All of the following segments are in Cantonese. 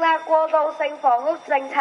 過渡性房屋政策，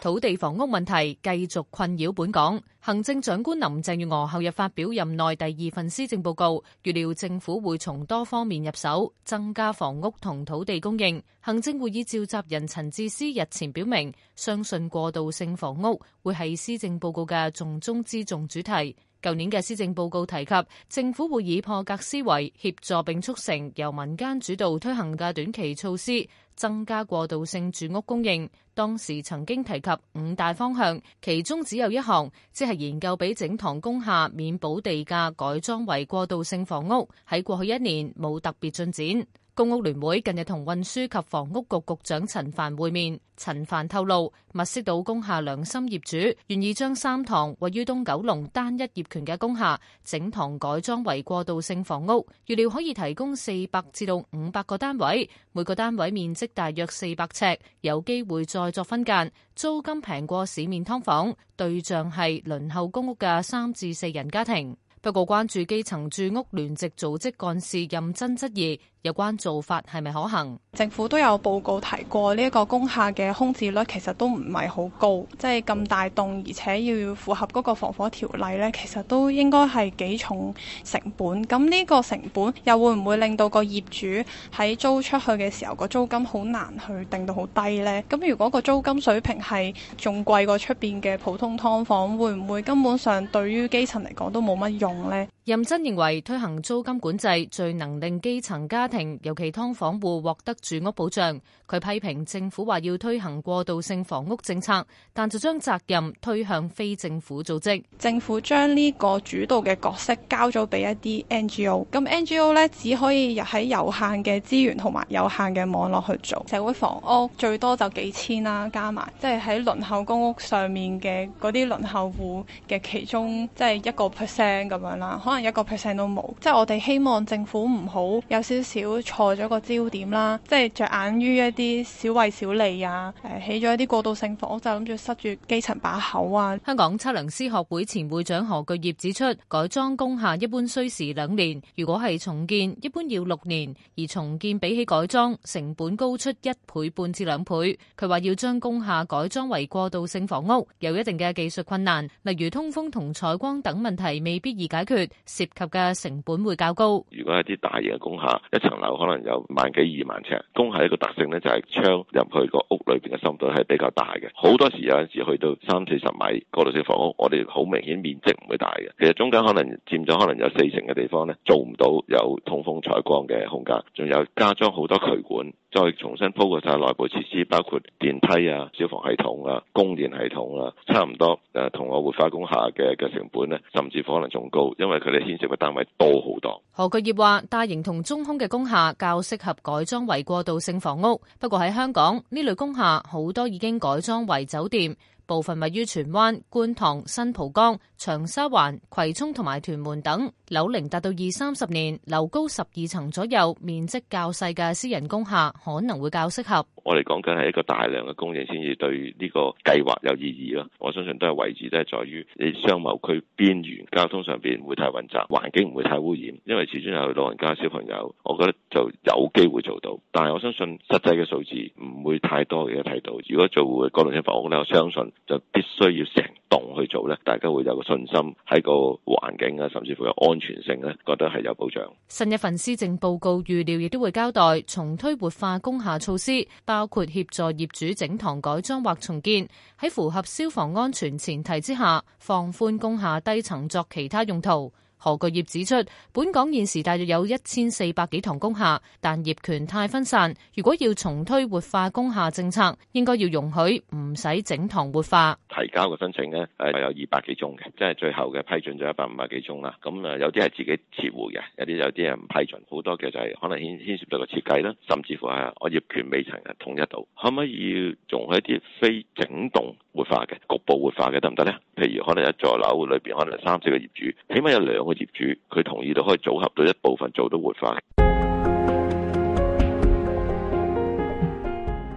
土地房屋問題繼續困擾本港。行政長官林鄭月娥後日發表任內第二份施政報告，預料政府會從多方面入手，增加房屋同土地供應。行政會議召集人陳智思日前表明，相信過渡性房屋會係施政報告嘅重中之重主題。舊年嘅施政報告提及，政府會以破格思維協助並促成由民間主導推行嘅短期措施，增加過渡性住屋供應。當時曾經提及五大方向，其中只有一項，即係研究俾整幢工廈免補地價改裝為過渡性房屋。喺過去一年冇特別進展。公屋聯會近日同運輸及房屋局局長陳帆會面，陳帆透露，密色島工廈良心業主願意將三幢位於東九龍單一業權嘅工廈整幢改裝為過渡性房屋，預料可以提供四百至到五百個單位，每個單位面積大約四百尺，有機會再作分間，租金平過市面劏房，對象係輪候公屋嘅三至四人家庭。不過，關注基層住屋聯席組織幹事任真質疑。有關做法係咪可行？政府都有報告提過呢一個工廈嘅空置率其實都唔係好高，即係咁大棟，而且要符合嗰個防火條例呢，其實都應該係幾重成本。咁呢個成本又會唔會令到個業主喺租出去嘅時候個租金好難去定到好低呢？咁如果個租金水平係仲貴過出面嘅普通劏房，會唔會根本上對於基層嚟講都冇乜用呢？任真認為推行租金管制最能令基層家庭，尤其劏房戶獲得住屋保障。佢批評政府話要推行過渡性房屋政策，但就將責任推向非政府組織。政府將呢個主導嘅角色交咗俾一啲 NGO，咁 NGO 呢，只可以喺有限嘅資源同埋有限嘅網絡去做社會房屋，最多就幾千啦，啊，加埋即係喺輪候公屋上面嘅嗰啲輪候戶嘅其中即係一個 percent 咁樣啦，可能。一個 percent 都冇，即係我哋希望政府唔好有少少錯咗個焦點啦，即係着眼於一啲小惠小利啊，誒、呃、起咗一啲過渡性房屋，就諗住塞住基層把口啊。香港測量師學會前會長何巨業指出，改裝工廈一般需時兩年，如果係重建，一般要六年。而重建比起改裝，成本高出一倍半至兩倍。佢話要將工廈改裝為過渡性房屋，有一定嘅技術困難，例如通風同採光等問題未必易解決。涉及嘅成本會較高。如果係啲大型嘅工廈，一層樓可能有萬幾二萬尺。工廈一個特性咧，就係窗入去個屋裏邊嘅深度係比較大嘅。好多時有陣時去到三四十米。過渡性房屋，我哋好明顯面積唔會大嘅。其實中間可能佔咗可能有四成嘅地方咧，做唔到有通風採光嘅空間，仲有加裝好多渠管。再重新鋪過曬內部設施，包括電梯啊、消防系統啊、供電系統啊，差唔多誒，同我活化工廈嘅嘅成本呢，甚至可能仲高，因為佢哋牽涉嘅單位多好多。何鉅業話：大型同中空嘅工廈較適合改裝為過渡性房屋，不過喺香港呢類工廈好多已經改裝為酒店。部分位於荃灣、觀塘、新蒲崗、長沙灣、葵涌同埋屯門等，樓齡達到二三十年、樓高十二層左右、面積較細嘅私人工廈，可能會較適合。我哋講緊係一個大量嘅供應，先至對呢個計劃有意義咯。我相信都係位置都係在於你商貿區邊緣，交通上邊唔會太混雜，環境唔會太污染。因為始終有老人家、小朋友，我覺得就有機會做到。但係我相信實際嘅數字唔會太多嘅喺度。如果做高樓層房屋咧，我相信就必須要成棟去做咧，大家會有個信心喺個環境啊，甚至乎有安全性咧，覺得係有保障。新一份施政報告預料亦都會交代重推活化工廈措施，包括協助業主整幢改裝或重建，喺符合消防安全前提之下，放寬工廈低層作其他用途。何鉅業指出，本港現時大約有一千四百幾堂工廈，但業權太分散。如果要重推活化工廈政策，應該要容許唔使整堂活化。提交嘅申請呢，係有二百幾宗嘅，即係最後嘅批准就一百五十幾宗啦。咁有啲係自己撤回嘅，有啲有啲人唔批准，好多嘅就係可能牽牽涉到個設計啦，甚至乎係我業權未曾係統一到，可唔可以容許一啲非整棟活化嘅局部活化嘅得唔得呢？譬如可能一座樓裏邊可能三四個業主，起碼有兩。業主佢同意都可以組合到一部分做到活化。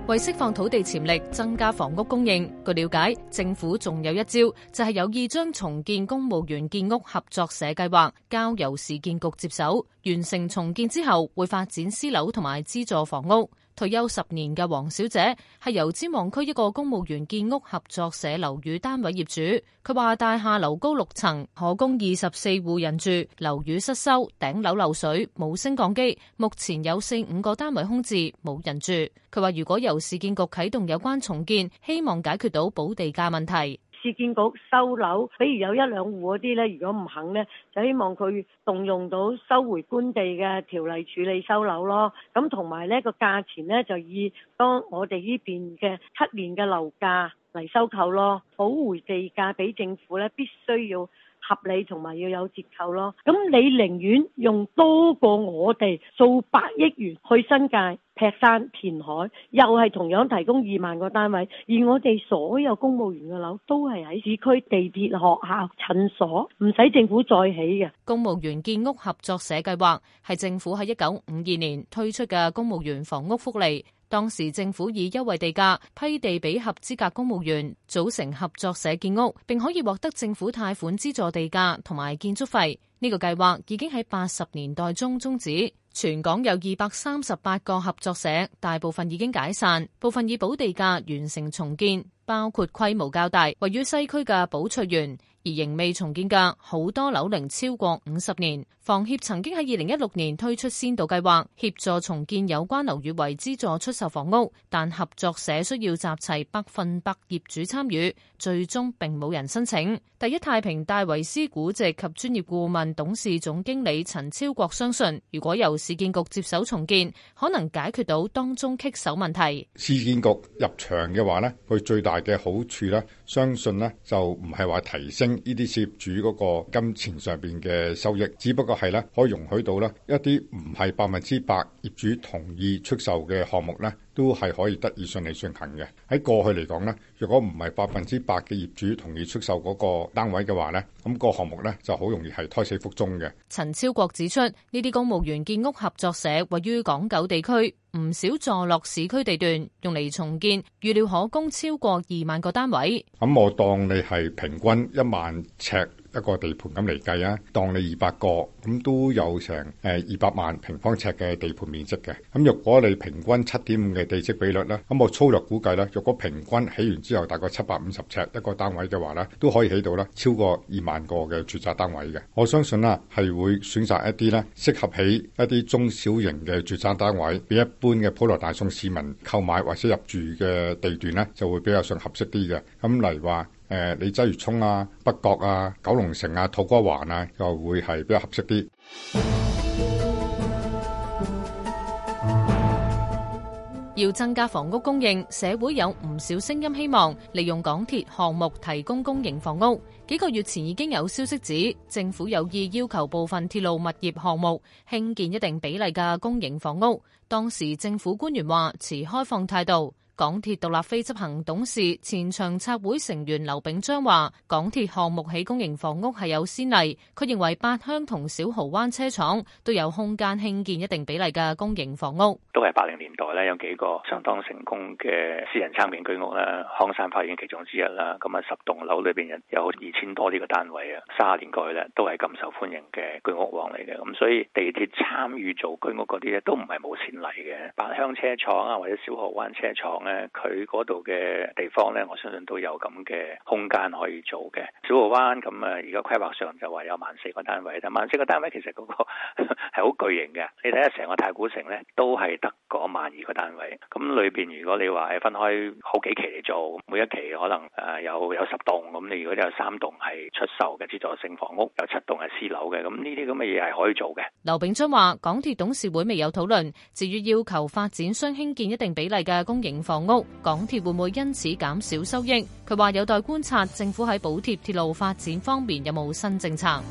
為釋放土地潛力，增加房屋供應，據了解，政府仲有一招，就係有意將重建公務員建屋合作社計劃交由市建局接手，完成重建之後會發展私樓同埋資助房屋。退休十年嘅黃小姐係油尖旺區一個公務員建屋合作社樓宇單位業主，佢話大廈樓高六層，可供二十四戶人住，樓宇失修，頂樓漏水，冇升降機，目前有四五個單位空置，冇人住。佢話如果由市建局啟動有關重建，希望解決到補地價問題。市建局收樓，比如有一兩戶嗰啲咧，如果唔肯咧，就希望佢動用到收回官地嘅條例處理收樓咯。咁同埋咧，個價錢咧就以當我哋呢邊嘅七年嘅樓價嚟收購咯，補回地價俾政府咧必須要。合理同埋要有折扣咯，咁你寧願用多過我哋數百億元去新界劈山填海，又係同樣提供二萬個單位，而我哋所有公務員嘅樓都係喺市區地鐵學校、診所，唔使政府再起嘅。公務員建屋合作社計劃，係政府喺一九五二年推出嘅公務員房屋福利。當時政府以優惠地價批地俾合資格公務員組成合作社建屋，並可以獲得政府貸款資助地價同埋建築費。呢個計劃已經喺八十年代中終止。全港有二百三十八個合作社，大部分已經解散，部分以補地價完成重建。包括規模較大，位於西區嘅寶翠園，而仍未重建嘅好多樓齡超過五十年。房協曾經喺二零一六年推出先導計劃，協助重建有關樓宇為資助出售房屋，但合作社需要集齊百分百業主參與，最終並冇人申請。第一太平戴維斯估值及專業顧問董事總經理陳超國相信，如果由市建局接手重建，可能解決到當中棘手問題。市建局入場嘅話呢，佢最大大嘅好處咧，相信咧就唔係話提升呢啲業主嗰個金錢上邊嘅收益，只不過係咧可以容許到咧一啲唔係百分之百業主同意出售嘅項目咧。都係可以得以順利進行嘅。喺過去嚟講呢，如果唔係百分之百嘅業主同意出售嗰個單位嘅話呢，咁個項目呢，就好容易係胎死腹中嘅。陳超國指出，呢啲公務員建屋合作社位於港九地區，唔少坐落市區地段，用嚟重建，預料可供超過二萬個單位。咁我當你係平均一萬尺。一個地盤咁嚟計啊，當你二百個咁都有成誒二百萬平方尺嘅地盤面積嘅。咁若果你平均七點五嘅地積比率啦，咁我粗略估計咧，若果平均起完之後大概七百五十尺一個單位嘅話咧，都可以起到咧超過二萬個嘅住宅單位嘅。我相信啦，係會選擇一啲咧適合起一啲中小型嘅住宅單位，俾一般嘅普羅大眾市民購買或者入住嘅地段咧就會比較上合適啲嘅。咁例如話。例如鰂魚涌啊，北角啊，九龍城啊，土瓜灣啊，就會係比較合適啲。要增加房屋供應，社會有唔少聲音希望利用港鐵項目提供公營房屋。幾個月前已經有消息指，政府有意要求部分鐵路物業項目興建一定比例嘅公營房屋。當時政府官員話持開放態度。港鐵獨立非執行董事、前長策會成員劉炳章話：港鐵項目起公營房屋係有先例。佢認為八鄉同小蠔灣車廠都有空間興建一定比例嘅公營房屋。都係八零年代咧，有幾個相當成功嘅私人參與居屋咧，康山花園其中之一啦。咁啊，十棟樓裏邊有二千多呢個單位啊。三十年過去咧，都係咁受歡迎嘅居屋王嚟嘅。咁所以地鐵參與做居屋嗰啲咧，都唔係冇先例嘅。八鄉車廠啊，或者小蠔灣車廠。佢嗰度嘅地方咧，我相信都有咁嘅空間可以做嘅。小蠔灣咁啊，而家規劃上就話有萬四個單位，但萬四個單位其實嗰個係好巨型嘅。你睇下成個太古城咧，都係得嗰萬二個單位。咁裏邊，如果你話係分開好幾期嚟做，每一期可能誒有有十棟咁，你如果有三棟係出售嘅資助性房屋，有七棟係私樓嘅，咁呢啲咁嘅嘢係可以做嘅。劉炳春話港鐵董事會未有討論，至於要求發展商興建一定比例嘅公營房。房屋港鐵會唔會因此減少收益？佢話有待觀察，政府喺補貼鐵路發展方面有冇新政策。